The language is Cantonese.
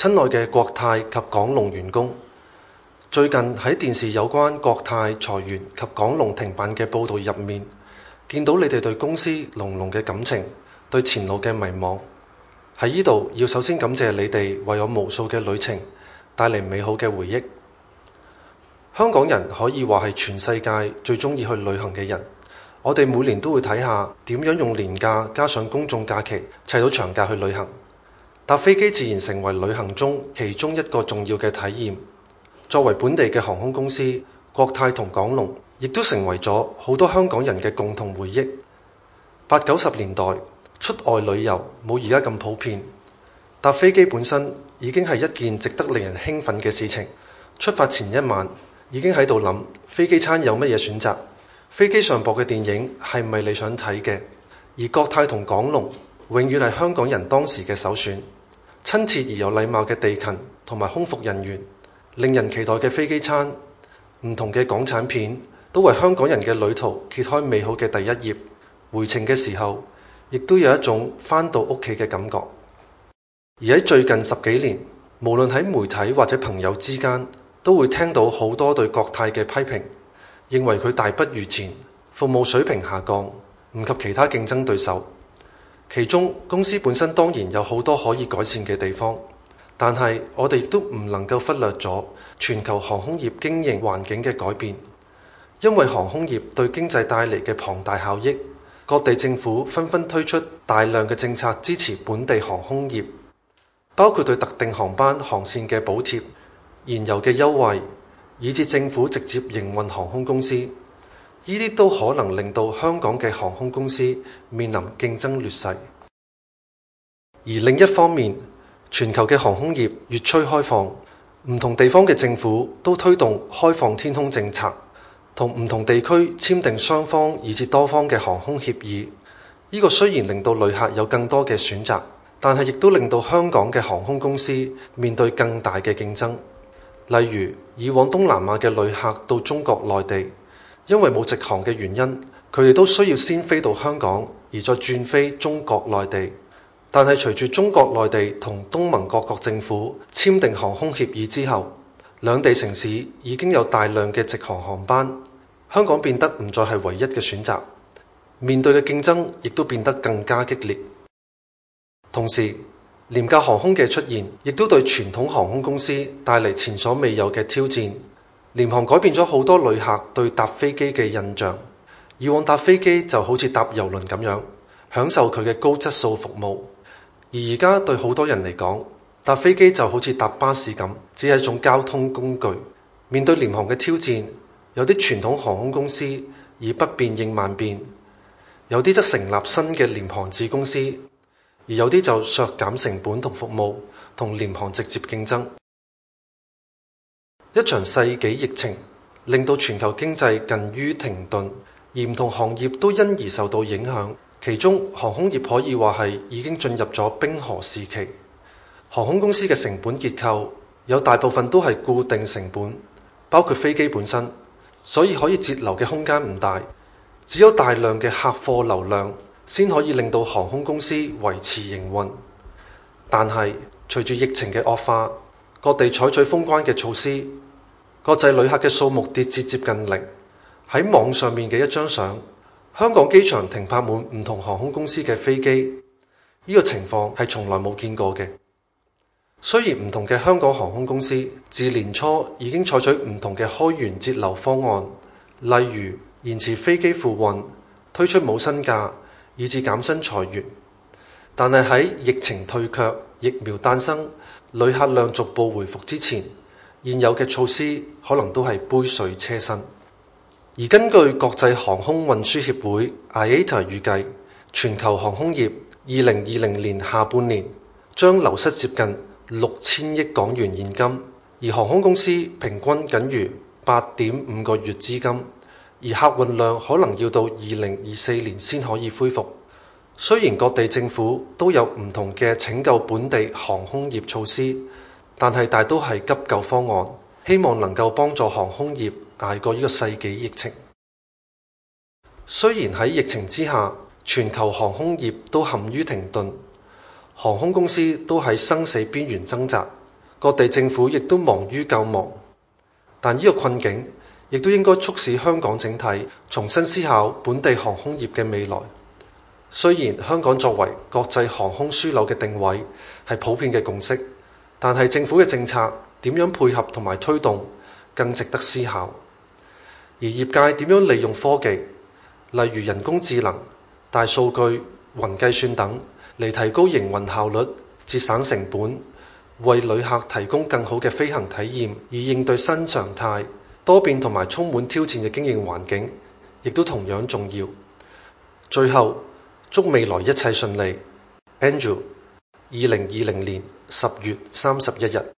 親愛嘅國泰及港龍員工，最近喺電視有關國泰裁員及港龍停辦嘅報導入面，見到你哋對公司濃濃嘅感情，對前路嘅迷茫。喺呢度要首先感謝你哋為我無數嘅旅程帶嚟美好嘅回憶。香港人可以話係全世界最鍾意去旅行嘅人，我哋每年都會睇下點樣用年假加上公眾假期砌到長假去旅行。搭飛機自然成為旅行中其中一個重要嘅體驗。作為本地嘅航空公司，國泰同港龍，亦都成為咗好多香港人嘅共同回憶。八九十年代出外旅遊冇而家咁普遍，搭飛機本身已經係一件值得令人興奮嘅事情。出發前一晚已經喺度諗飛機餐有乜嘢選擇，飛機上播嘅電影係唔係你想睇嘅？而國泰同港龍永遠係香港人當時嘅首選。親切而有禮貌嘅地勤同埋空服人員，令人期待嘅飛機餐，唔同嘅港產片，都為香港人嘅旅途揭開美好嘅第一頁。回程嘅時候，亦都有一種返到屋企嘅感覺。而喺最近十幾年，無論喺媒體或者朋友之間，都會聽到好多對國泰嘅批評，認為佢大不如前，服務水平下降，唔及其他競爭對手。其中公司本身當然有好多可以改善嘅地方，但係我哋亦都唔能夠忽略咗全球航空業經營環境嘅改變，因為航空業對經濟帶嚟嘅龐大效益，各地政府紛紛推出大量嘅政策支持本地航空業，包括對特定航班航線嘅補貼、燃油嘅優惠，以至政府直接營運航空公司。呢啲都可能令到香港嘅航空公司面臨競爭劣勢。而另一方面，全球嘅航空業越趨開放，唔同地方嘅政府都推動開放天空政策，同唔同地區簽訂雙方以至多方嘅航空協議。呢個雖然令到旅客有更多嘅選擇，但係亦都令到香港嘅航空公司面對更大嘅競爭。例如，以往東南亞嘅旅客到中國內地。因為冇直航嘅原因，佢哋都需要先飛到香港，而再轉飛中國內地。但係隨住中國內地同東盟各國政府簽訂航空協議之後，兩地城市已經有大量嘅直航航班，香港變得唔再係唯一嘅選擇，面對嘅競爭亦都變得更加激烈。同時，廉價航空嘅出現，亦都對傳統航空公司帶嚟前所未有嘅挑戰。廉航改變咗好多旅客對搭飛機嘅印象，以往搭飛機就好似搭郵輪咁樣，享受佢嘅高質素服務。而而家對好多人嚟講，搭飛機就好似搭巴士咁，只係一種交通工具。面對廉航嘅挑戰，有啲傳統航空公司以不變應萬變，有啲則成立新嘅廉航子公司，而有啲就削減成本同服務，同廉航直接競爭。一場世紀疫情令到全球經濟近於停頓，而唔同行業都因而受到影響。其中航空業可以話係已經進入咗冰河時期。航空公司嘅成本結構有大部分都係固定成本，包括飛機本身，所以可以節流嘅空間唔大。只有大量嘅客貨流量先可以令到航空公司維持營運。但係隨住疫情嘅惡化，各地採取封關嘅措施。國際旅客嘅數目跌至接近零，喺網上面嘅一張相，香港機場停泊滿唔同航空公司嘅飛機，呢個情況係從來冇見過嘅。雖然唔同嘅香港航空公司自年初已經採取唔同嘅開源節流方案，例如延遲飛機付運、推出冇薪假以至減薪裁員，但係喺疫情退卻、疫苗誕生、旅客量逐步回復之前。現有嘅措施可能都係杯水車薪，而根據國際航空運輸協會 IATA 預計，全球航空業二零二零年下半年將流失接近六千億港元現金，而航空公司平均僅餘八點五個月資金，而客運量可能要到二零二四年先可以恢復。雖然各地政府都有唔同嘅拯救本地航空業措施。但係大都係急救方案，希望能夠幫助航空業捱過呢個世紀疫情。雖然喺疫情之下，全球航空業都陷於停頓，航空公司都喺生死邊緣掙扎，各地政府亦都忙於救亡。但呢個困境亦都應該促使香港整體重新思考本地航空業嘅未來。雖然香港作為國際航空樞紐嘅定位係普遍嘅共識。但係政府嘅政策點樣配合同埋推動，更值得思考。而業界點樣利用科技，例如人工智能、大數據、雲計算等，嚟提高營運效率、節省成本、為旅客提供更好嘅飛行體驗，以應對新常態、多變同埋充滿挑戰嘅經營環境，亦都同樣重要。最後，祝未來一切順利，Andrew，二零二零年。十月三十一日。